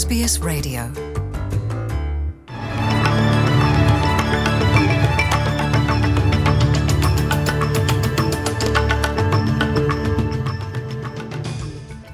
SBS Radio.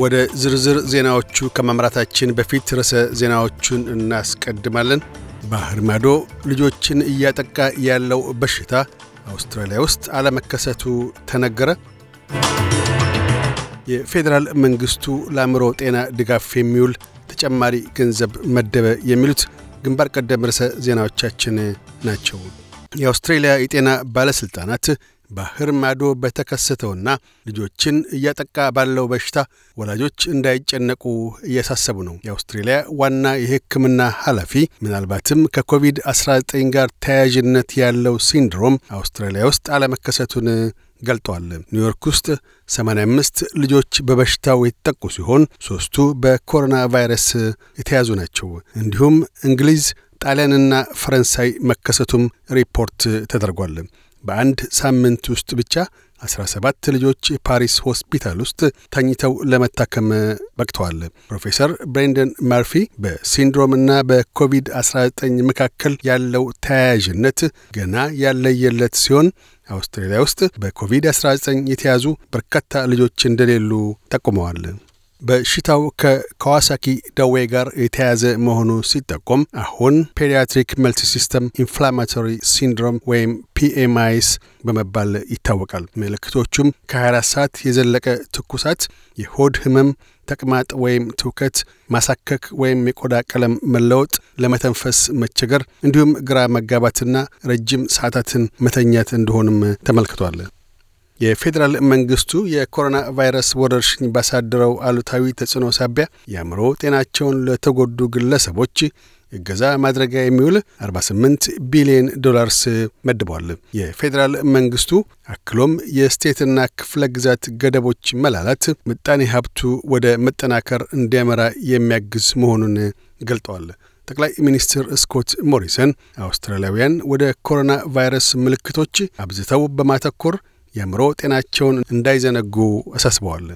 ወደ ዝርዝር ዜናዎቹ ከማምራታችን በፊት ርዕሰ ዜናዎቹን እናስቀድማለን። ባህር ማዶ ልጆችን እያጠቃ ያለው በሽታ አውስትራሊያ ውስጥ አለመከሰቱ ተነገረ። የፌዴራል መንግሥቱ ለአእምሮ ጤና ድጋፍ የሚውል ተጨማሪ ገንዘብ መደበ የሚሉት ግንባር ቀደም ርዕሰ ዜናዎቻችን ናቸው። የአውስትሬልያ የጤና ባለሥልጣናት ባህር ማዶ በተከሰተውና ልጆችን እያጠቃ ባለው በሽታ ወላጆች እንዳይጨነቁ እያሳሰቡ ነው። የአውስትሬልያ ዋና የሕክምና ኃላፊ ምናልባትም ከኮቪድ-19 ጋር ተያያዥነት ያለው ሲንድሮም አውስትራሊያ ውስጥ አለመከሰቱን ገልጠዋል። ኒውዮርክ ውስጥ 85 ልጆች በበሽታው የተጠቁ ሲሆን ሦስቱ በኮሮና ቫይረስ የተያዙ ናቸው። እንዲሁም እንግሊዝ፣ ጣሊያንና ፈረንሳይ መከሰቱም ሪፖርት ተደርጓል። በአንድ ሳምንት ውስጥ ብቻ 17 ልጆች ፓሪስ ሆስፒታል ውስጥ ተኝተው ለመታከም በቅተዋል። ፕሮፌሰር ብሬንደን መርፊ እና በኮቪድ-19 መካከል ያለው ተያያዥነት ገና ያለየለት ሲሆን አውስትራሊያ ውስጥ በኮቪድ-19 የተያዙ በርካታ ልጆች እንደሌሉ ጠቁመዋል። በሽታው ከካዋሳኪ ደዌ ጋር የተያያዘ መሆኑ ሲጠቆም አሁን ፔዲያትሪክ መልቲ ሲስተም ኢንፍላማቶሪ ሲንድሮም ወይም ፒኤምአይስ በመባል ይታወቃል። ምልክቶቹም ከ24 ሰዓት የዘለቀ ትኩሳት፣ የሆድ ህመም፣ ተቅማጥ ወይም ትውከት፣ ማሳከክ ወይም የቆዳ ቀለም መለወጥ፣ ለመተንፈስ መቸገር እንዲሁም ግራ መጋባትና ረጅም ሰዓታትን መተኛት እንደሆንም ተመልክቷል። የፌዴራል መንግስቱ የኮሮና ቫይረስ ወረርሽኝ ባሳደረው አሉታዊ ተጽዕኖ ሳቢያ የአእምሮ ጤናቸውን ለተጎዱ ግለሰቦች እገዛ ማድረጊያ የሚውል 48 ቢሊዮን ዶላርስ መድቧል። የፌዴራል መንግስቱ አክሎም የስቴትና ክፍለ ግዛት ገደቦች መላላት ምጣኔ ሀብቱ ወደ መጠናከር እንዲያመራ የሚያግዝ መሆኑን ገልጠዋል። ጠቅላይ ሚኒስትር ስኮት ሞሪሰን አውስትራሊያውያን ወደ ኮሮና ቫይረስ ምልክቶች አብዝተው በማተኮር የአእምሮ ጤናቸውን እንዳይዘነጉ አሳስበዋል።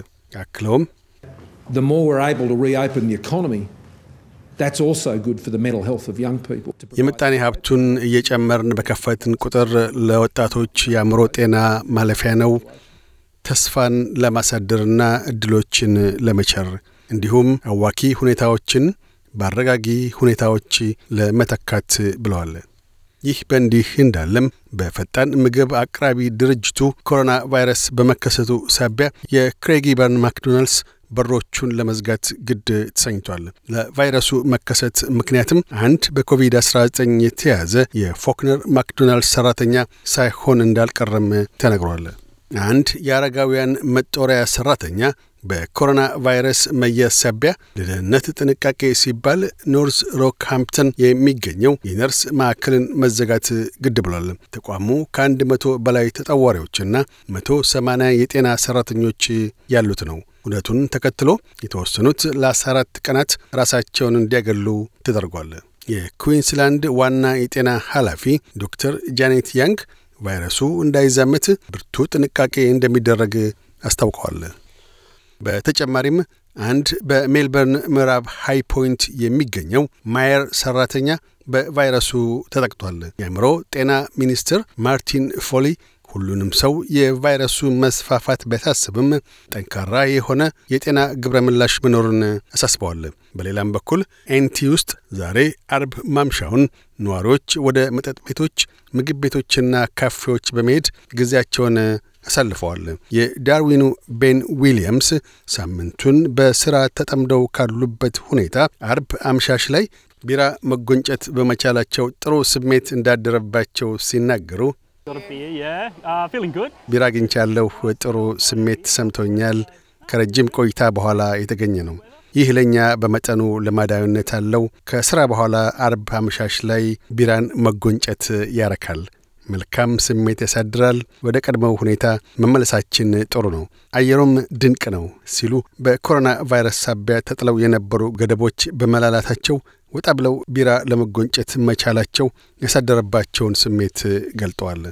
አክለውም የምጣኔ ሀብቱን እየጨመርን በከፈትን ቁጥር ለወጣቶች የአእምሮ ጤና ማለፊያ ነው፣ ተስፋን ለማሳደርና እድሎችን ለመቸር እንዲሁም አዋኪ ሁኔታዎችን በአረጋጊ ሁኔታዎች ለመተካት ብለዋል። ይህ በእንዲህ እንዳለም በፈጣን ምግብ አቅራቢ ድርጅቱ ኮሮና ቫይረስ በመከሰቱ ሳቢያ የክሬጊበርን ማክዶናልድስ በሮቹን ለመዝጋት ግድ ተሰኝቷል። ለቫይረሱ መከሰት ምክንያትም አንድ በኮቪድ-19 የተያዘ የፎክነር ማክዶናልድስ ሰራተኛ ሳይሆን እንዳልቀረም ተነግሯል። አንድ የአረጋውያን መጦሪያ ሰራተኛ በኮሮና ቫይረስ መያዝ ሳቢያ ለደህንነት ጥንቃቄ ሲባል ኖርዝ ሮክ ሃምፕተን የሚገኘው የነርስ ማዕከልን መዘጋት ግድ ብሏል። ተቋሙ ከአንድ መቶ በላይ ተጠዋሪዎችና መቶ ሰማንያ የጤና ሰራተኞች ያሉት ነው። እውነቱን ተከትሎ የተወሰኑት ለ14 ቀናት ራሳቸውን እንዲያገሉ ተደርጓል። የኩዊንስላንድ ዋና የጤና ኃላፊ ዶክተር ጃኔት ያንግ ቫይረሱ እንዳይዛመት ብርቱ ጥንቃቄ እንደሚደረግ አስታውቀዋል። በተጨማሪም አንድ በሜልበርን ምዕራብ ሃይ ፖይንት የሚገኘው ማየር ሰራተኛ በቫይረሱ ተጠቅቷል። የአእምሮ ጤና ሚኒስትር ማርቲን ፎሊ ሁሉንም ሰው የቫይረሱ መስፋፋት ቢያሳስብም ጠንካራ የሆነ የጤና ግብረ ምላሽ መኖርን አሳስበዋል። በሌላም በኩል ኤንቲ ውስጥ ዛሬ አርብ ማምሻውን ነዋሪዎች ወደ መጠጥ ቤቶች፣ ምግብ ቤቶችና ካፌዎች በመሄድ ጊዜያቸውን አሳልፈዋል። የዳርዊኑ ቤን ዊሊያምስ ሳምንቱን በሥራ ተጠምደው ካሉበት ሁኔታ አርብ አምሻሽ ላይ ቢራ መጎንጨት በመቻላቸው ጥሩ ስሜት እንዳደረባቸው ሲናገሩ Uh, ቢራ አግኝቻለሁ። ጥሩ ስሜት ሰምቶኛል ከረጅም ቆይታ በኋላ የተገኘ ነው። ይህ ለእኛ በመጠኑ ልማዳዊነት አለው። ከሥራ በኋላ አርብ አመሻሽ ላይ ቢራን መጎንጨት ያረካል። መልካም ስሜት ያሳድራል። ወደ ቀድሞው ሁኔታ መመለሳችን ጥሩ ነው፣ አየሩም ድንቅ ነው ሲሉ በኮሮና ቫይረስ ሳቢያ ተጥለው የነበሩ ገደቦች በመላላታቸው ወጣ ብለው ቢራ ለመጎንጨት መቻላቸው ያሳደረባቸውን ስሜት ገልጠዋል።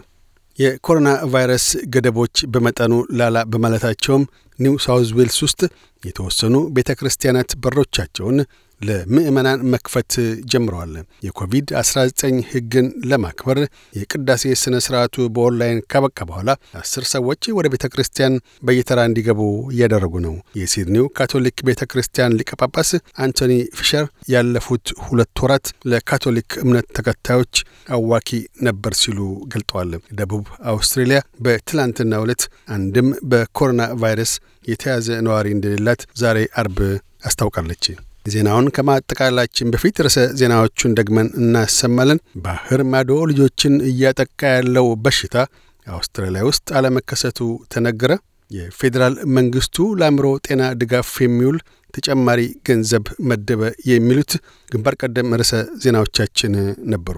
የኮሮና ቫይረስ ገደቦች በመጠኑ ላላ በማለታቸውም ኒው ሳውዝ ዌልስ ውስጥ የተወሰኑ ቤተ ክርስቲያናት በሮቻቸውን ለምዕመናን መክፈት ጀምረዋል። የኮቪድ-19 ሕግን ለማክበር የቅዳሴ ሥነ ሥርዓቱ በኦንላይን ካበቃ በኋላ አስር ሰዎች ወደ ቤተ ክርስቲያን በየተራ እንዲገቡ እያደረጉ ነው። የሲድኒው ካቶሊክ ቤተ ክርስቲያን ሊቀ ጳጳስ አንቶኒ ፊሸር ያለፉት ሁለት ወራት ለካቶሊክ እምነት ተከታዮች አዋኪ ነበር ሲሉ ገልጠዋል። ደቡብ አውስትሬሊያ በትላንትናው ዕለት አንድም በኮሮና ቫይረስ የተያዘ ነዋሪ እንደሌላት ዛሬ አርብ አስታውቃለች። ዜናውን ከማጠቃላችን በፊት ርዕሰ ዜናዎቹን ደግመን እናሰማለን። ባህር ማዶ ልጆችን እያጠቃ ያለው በሽታ አውስትራሊያ ውስጥ አለመከሰቱ ተነገረ። የፌዴራል መንግስቱ ለአእምሮ ጤና ድጋፍ የሚውል ተጨማሪ ገንዘብ መደበ። የሚሉት ግንባር ቀደም ርዕሰ ዜናዎቻችን ነበሩ።